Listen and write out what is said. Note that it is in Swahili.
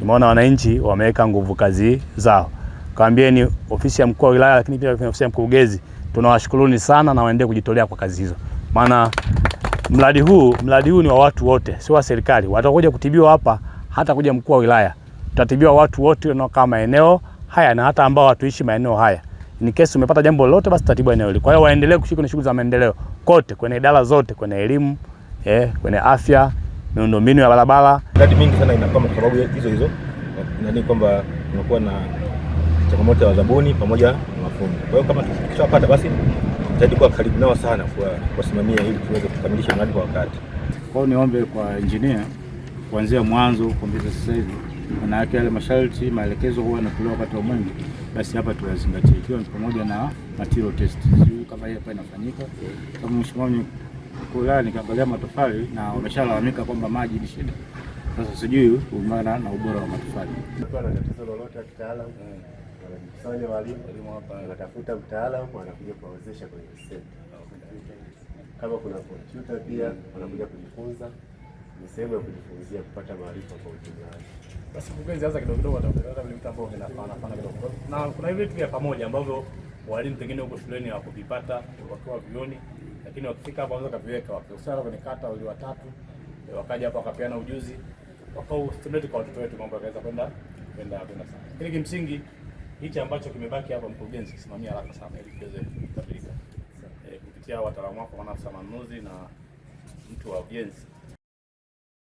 Nimeona wananchi wameweka nguvu kazi zao. Kaambieni ofisi ya mkuu wa wilaya, lakini pia ofisi ya mkurugenzi, tunawashukuruni sana na waendelee kujitolea kwa kazi hizo, maana mradi huu mradi huu ni wa watu wote, sio wa serikali. Watakuja kutibiwa hapa, hata kuja mkuu wa wilaya, tutatibiwa watu wote wanaokaa maeneo haya na hata ambao watuishi maeneo haya. Ni kesi umepata jambo lolote, basi tutatibu eneo hili. Kwa hiyo waendelee kushiriki kwenye shughuli za maendeleo kote, kwenye idara zote, kwenye elimu eh, kwenye afya miundombinu ya barabara. Miradi mingi sana inakuwa kwa sababu hizo hizo, nani kwamba tunakuwa na changamoto ya wazabuni pamoja na mafundi. Kwa hiyo kama tukishapata basi tutaidi kuwa karibu nao sana kuwasimamia ili tuweze kukamilisha mradi kwa wakati. Kwa hiyo niombe kwa engineer kuanzia mwanzo kuongeza sasa hivi, maana yake yale masharti maelekezo huwa yanatolewa wakati wa mwenge, basi hapa tuyazingatie, ikiwa ni pamoja na material test. Sijui kama hii hapa inafanyika kama mheshimiwa kula nikaangalia matofali na wameshalalamika kwamba maji ni shida. Sasa sijui kuungana na ubora wa matofali kuna tatizo lolote kitaalamu, eh. wanakusanya walimu hapa, wanatafuta mtaalamu, wanakuja kuwawezesha kwenye Kama kuna kompyuta pia mm. wanakuja kujifunza, ni sehemu ya kujifunzia kupata maarifa kwa utumiaji. Basi mkurugenzi, kidogo kidogo vile vitu ambavyo kidogo, na kuna hivi vitu vya pamoja ambavyo walimu pengine huko shuleni hawakuvipata wakiwa vioni lakini wakifika hapa wanaweza kaviweka wakiusana kwenye kata wali watatu eh, wakaja hapa wakapeana ujuzi wakaustimulate kwa watoto wetu, mambo yakaweza kwenda kwenda kwenda sana. Lakini kimsingi hichi ambacho kimebaki hapa, mkurugenzi kisimamia haraka sana ili kiweze kukamilika eh, kupitia wataalamu wako, maafisa manunuzi na mtu wa ujenzi.